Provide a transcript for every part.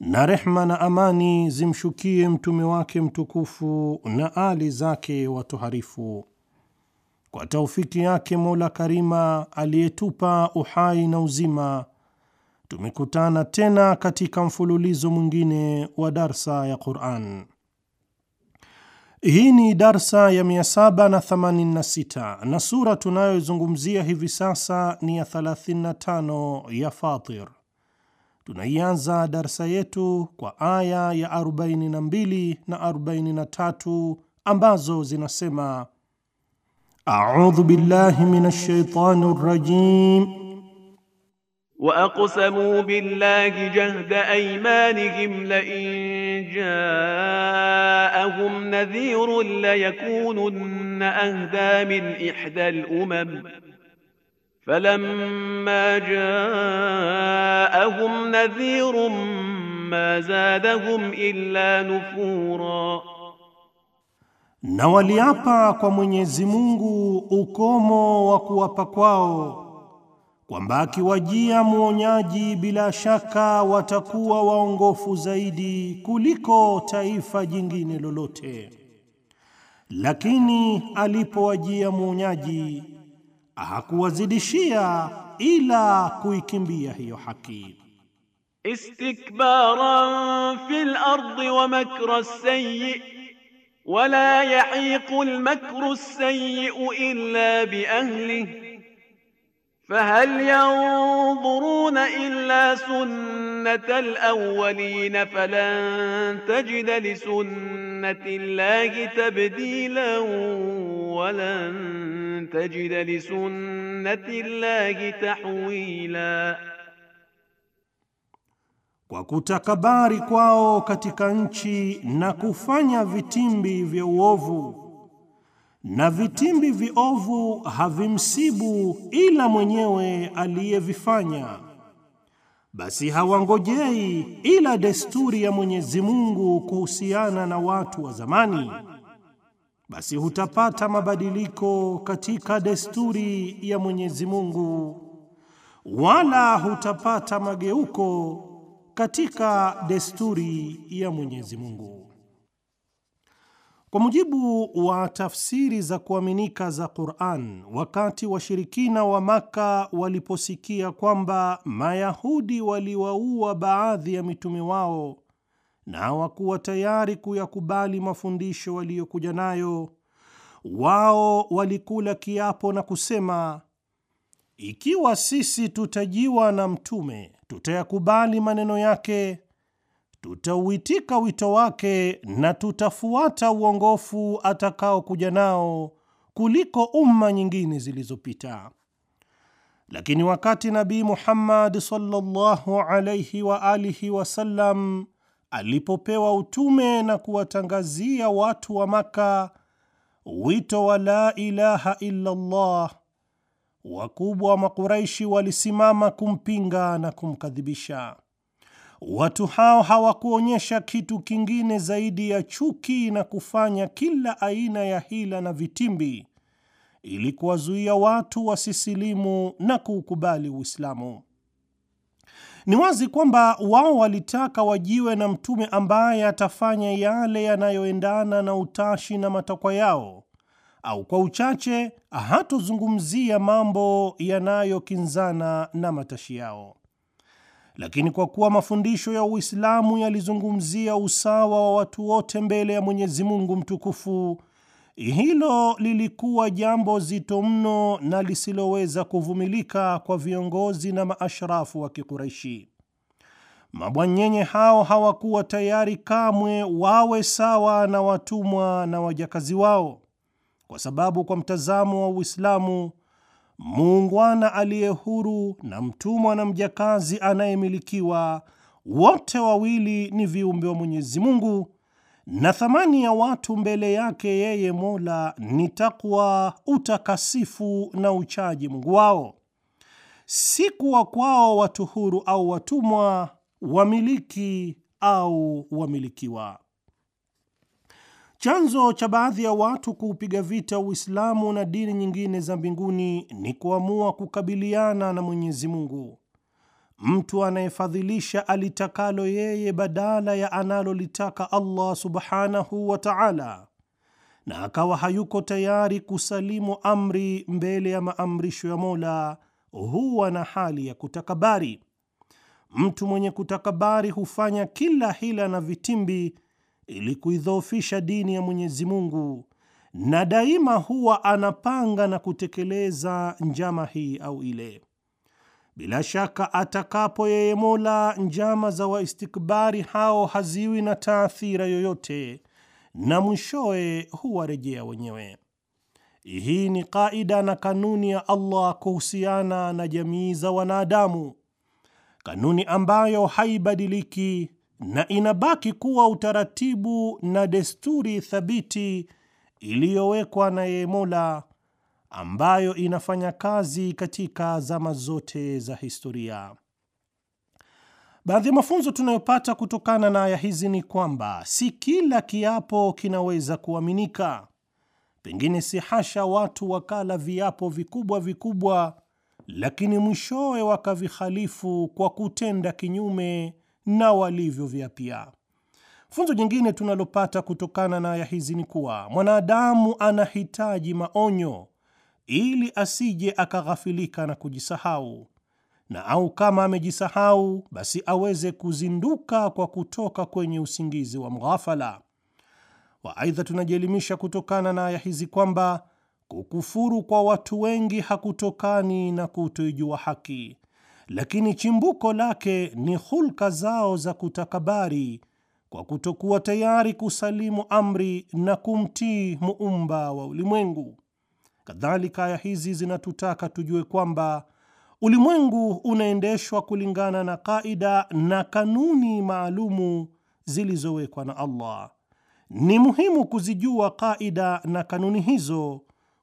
na rehma na amani zimshukie mtume wake mtukufu na ali zake watoharifu. Kwa taufiki yake Mola Karima aliyetupa uhai na uzima, tumekutana tena katika mfululizo mwingine wa darsa ya Quran. Hii ni darsa ya 786 na sura tunayoizungumzia hivi sasa ni ya 35 ya Fatir. tunaianza darsa yetu kwa aya ya 42 na 43 ambazo zinasema: audhu billahi minash shaitani rrajim wa aqsamu billahi jahda aymanihim la in jaahum nadhirun la yakununna ahda min ihda al umam فلما جاءهم نذير ما zadahum illa nufura, na waliapa kwa Mwenyezi Mungu ukomo wa kuwapa kwao kwamba akiwajia mwonyaji bila shaka watakuwa waongofu zaidi kuliko taifa jingine lolote, lakini alipowajia mwonyaji hakuwazidishia ila kuikimbia hiyo haki. Istikbaran fil ardi wa makra sayyi wala yahiqu al makru sayyi illa bi ahlihi Fahal yanzuruna illa sunnata alawwalina falan tajida lisunnati llahi tabdilan walan tajida lisunnati llahi tahwila, kwa kutakabari kwao katika nchi na kufanya vitimbi vya uovu na vitimbi viovu havimsibu ila mwenyewe aliyevifanya, basi hawangojei ila desturi ya Mwenyezi Mungu kuhusiana na watu wa zamani, basi hutapata mabadiliko katika desturi ya Mwenyezi Mungu, wala hutapata mageuko katika desturi ya Mwenyezi Mungu. Kwa mujibu wa tafsiri za kuaminika za Qur'an, wakati washirikina wa Maka waliposikia kwamba Mayahudi waliwaua baadhi ya mitume wao na hawakuwa tayari kuyakubali mafundisho waliyokuja nayo, wao walikula kiapo na kusema, ikiwa sisi tutajiwa na mtume tutayakubali maneno yake tutauitika wito wake na tutafuata uongofu atakaokuja nao kuliko umma nyingine zilizopita. Lakini wakati Nabii Muhammad sallallahu alayhi wa alihi wasallam alipopewa utume na kuwatangazia watu wa makka wito wa la ilaha illa Allah, wakubwa wa Makuraishi walisimama kumpinga na kumkadhibisha. Watu hao hawakuonyesha kitu kingine zaidi ya chuki na kufanya kila aina ya hila na vitimbi ili kuwazuia watu wasisilimu na kuukubali Uislamu. Ni wazi kwamba wao walitaka wajiwe na mtume ambaye atafanya yale yanayoendana na utashi na matakwa yao, au kwa uchache hatozungumzia mambo yanayokinzana na matashi yao lakini kwa kuwa mafundisho ya Uislamu yalizungumzia usawa wa watu wote mbele ya Mwenyezi Mungu mtukufu, hilo lilikuwa jambo zito mno na lisiloweza kuvumilika kwa viongozi na maashrafu wa Kikureishi. Mabwanyenye hao hawakuwa tayari kamwe wawe sawa na watumwa na wajakazi wao, kwa sababu kwa mtazamo wa Uislamu muungwana aliye huru na mtumwa na mjakazi anayemilikiwa, wote wawili ni viumbe wa Mwenyezi Mungu, na thamani ya watu mbele yake yeye Mola ni takwa, utakasifu na uchaji Mungu wao, si kuwa kwao watu huru au watumwa, wamiliki au wamilikiwa. Chanzo cha baadhi ya watu kuupiga vita Uislamu na dini nyingine za mbinguni ni kuamua kukabiliana na Mwenyezi Mungu. Mtu anayefadhilisha alitakalo yeye badala ya analolitaka Allah subhanahu wa ta'ala, na akawa hayuko tayari kusalimu amri mbele ya maamrisho ya Mola, huwa na hali ya kutakabari. Mtu mwenye kutakabari hufanya kila hila na vitimbi ili kuidhoofisha dini ya Mwenyezi Mungu, na daima huwa anapanga na kutekeleza njama hii au ile. Bila shaka atakapo yeye Mola, njama za waistikbari hao haziwi na taathira yoyote, na mwishowe huwarejea wenyewe. Hii ni kaida na kanuni ya Allah kuhusiana na jamii za wanadamu, kanuni ambayo haibadiliki na inabaki kuwa utaratibu na desturi thabiti iliyowekwa na yeye Mola ambayo inafanya kazi katika zama zote za historia. Baadhi ya mafunzo tunayopata kutokana na aya hizi ni kwamba si kila kiapo kinaweza kuaminika. Pengine si hasha watu wakala viapo vikubwa vikubwa, lakini mwishowe wakavihalifu kwa kutenda kinyume na walivyoviapia. Funzo jingine tunalopata kutokana na aya hizi ni kuwa mwanadamu anahitaji maonyo ili asije akaghafilika na kujisahau, na au kama amejisahau, basi aweze kuzinduka kwa kutoka kwenye usingizi wa mghafala. wa Aidha, tunajielimisha kutokana na aya hizi kwamba kukufuru kwa watu wengi hakutokani na kutoijua haki, lakini chimbuko lake ni hulka zao za kutakabari kwa kutokuwa tayari kusalimu amri na kumtii muumba wa ulimwengu. Kadhalika, aya hizi zinatutaka tujue kwamba ulimwengu unaendeshwa kulingana na kaida na kanuni maalumu zilizowekwa na Allah. Ni muhimu kuzijua kaida na kanuni hizo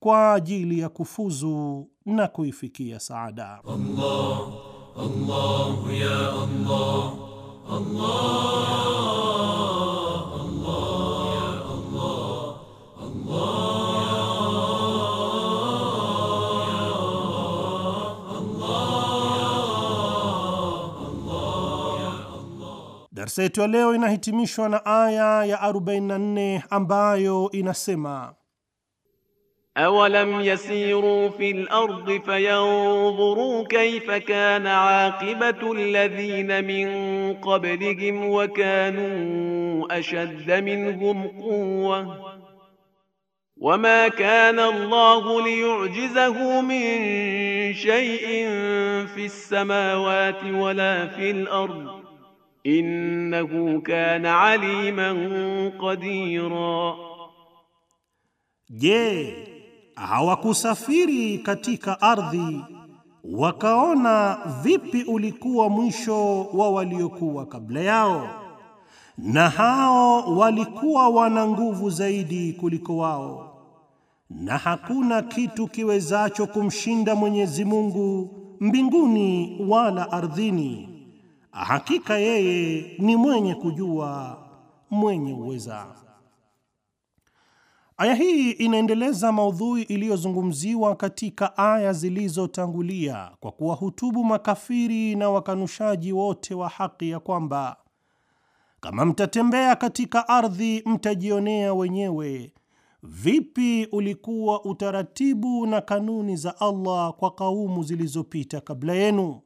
kwa ajili ya kufuzu na kuifikia saada Allah. الله يا الله الله Darsa yetu ya leo inahitimishwa na aya ya 44 ambayo inasema أولم يسيروا في الأرض فينظروا كيف كان عاقبة الذين من قبلهم وكانوا أشد منهم قوة وما كان الله ليعجزه من شيء في السماوات ولا في الأرض إنه كان عليما قديرا. Yeah. hawakusafiri katika ardhi wakaona vipi ulikuwa mwisho wa waliokuwa kabla yao, na hao walikuwa wana nguvu zaidi kuliko wao, na hakuna kitu kiwezacho kumshinda Mwenyezi Mungu mbinguni wala ardhini. Hakika yeye ni mwenye kujua, mwenye uweza. Aya hii inaendeleza maudhui iliyozungumziwa katika aya zilizotangulia kwa kuwahutubu makafiri na wakanushaji wote wa haki ya kwamba kama mtatembea katika ardhi mtajionea wenyewe vipi ulikuwa utaratibu na kanuni za Allah kwa kaumu zilizopita kabla yenu.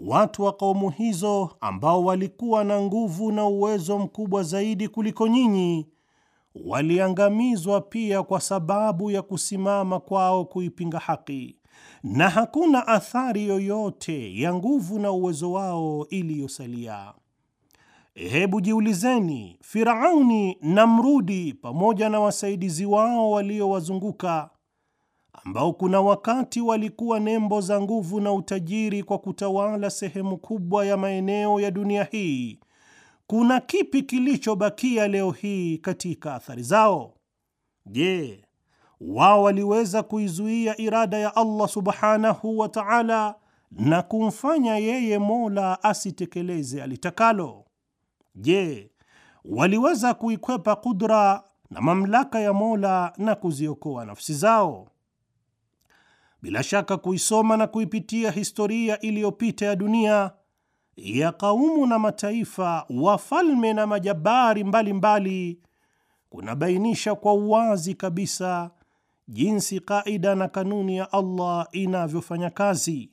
Watu wa kaumu hizo ambao walikuwa na nguvu na uwezo mkubwa zaidi kuliko nyinyi waliangamizwa pia kwa sababu ya kusimama kwao kuipinga haki, na hakuna athari yoyote ya nguvu na uwezo wao iliyosalia. Hebu jiulizeni, Firauni, na mrudi pamoja na wasaidizi wao waliowazunguka ambao kuna wakati walikuwa nembo za nguvu na utajiri kwa kutawala sehemu kubwa ya maeneo ya dunia hii, kuna kipi kilichobakia leo hii katika athari zao? Je, wao waliweza kuizuia irada ya Allah subhanahu wa ta'ala na kumfanya yeye Mola asitekeleze alitakalo? Je, waliweza kuikwepa kudra na mamlaka ya Mola na kuziokoa nafsi zao? Bila shaka kuisoma na kuipitia historia iliyopita ya dunia ya kaumu na mataifa, wafalme na majabari mbalimbali kunabainisha kwa uwazi kabisa jinsi kaida na kanuni ya Allah inavyofanya kazi,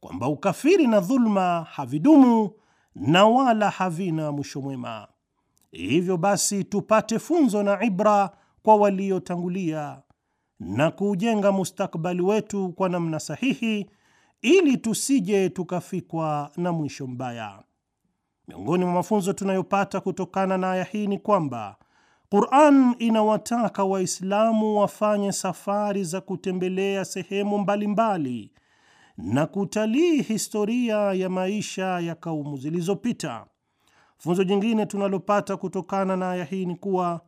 kwamba ukafiri na dhulma havidumu na wala havina mwisho mwema. Hivyo basi tupate funzo na ibra kwa waliotangulia na kuujenga mustakbali wetu kwa namna sahihi ili tusije tukafikwa na mwisho mbaya. Miongoni mwa mafunzo tunayopata kutokana na aya hii ni kwamba Qur'an inawataka Waislamu wafanye safari za kutembelea sehemu mbalimbali mbali na kutalii historia ya maisha ya kaumu zilizopita. Funzo jingine tunalopata kutokana na aya hii ni kuwa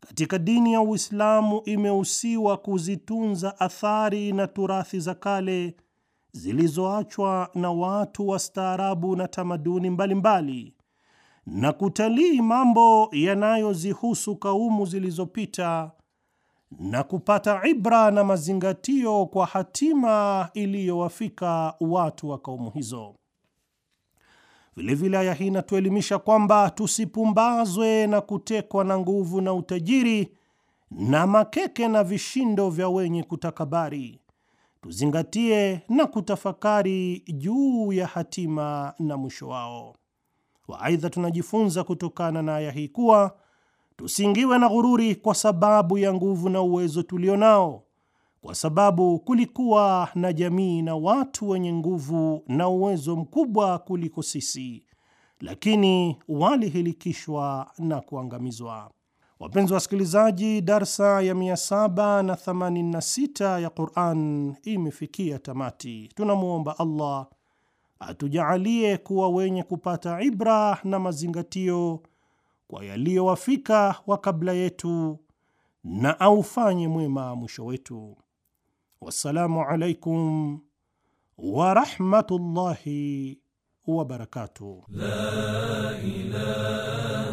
katika dini ya Uislamu imehusiwa kuzitunza athari na turathi za kale zilizoachwa na watu wa staarabu na tamaduni mbalimbali mbali, na kutalii mambo yanayozihusu kaumu zilizopita na kupata ibra na mazingatio kwa hatima iliyowafika watu wa kaumu hizo. Vilevile aya hii inatuelimisha kwamba tusipumbazwe na kutekwa na nguvu na utajiri na makeke na vishindo vya wenye kutakabari tuzingatie na kutafakari juu ya hatima na mwisho wao. Waaidha, tunajifunza kutokana na aya hii kuwa tusiingiwe na ghururi kwa sababu ya nguvu na uwezo tulio nao, kwa sababu kulikuwa na jamii na watu wenye nguvu na uwezo mkubwa kuliko sisi, lakini walihilikishwa na kuangamizwa. Wapenzi wasikilizaji, darsa ya 786 ya Quran imefikia tamati. Tunamwomba Allah atujaalie kuwa wenye kupata ibra na mazingatio kwa yaliyowafika wa kabla yetu na aufanye mwema mwisho wetu. Wassalamu alaikum warahmatullahi wabarakatuh.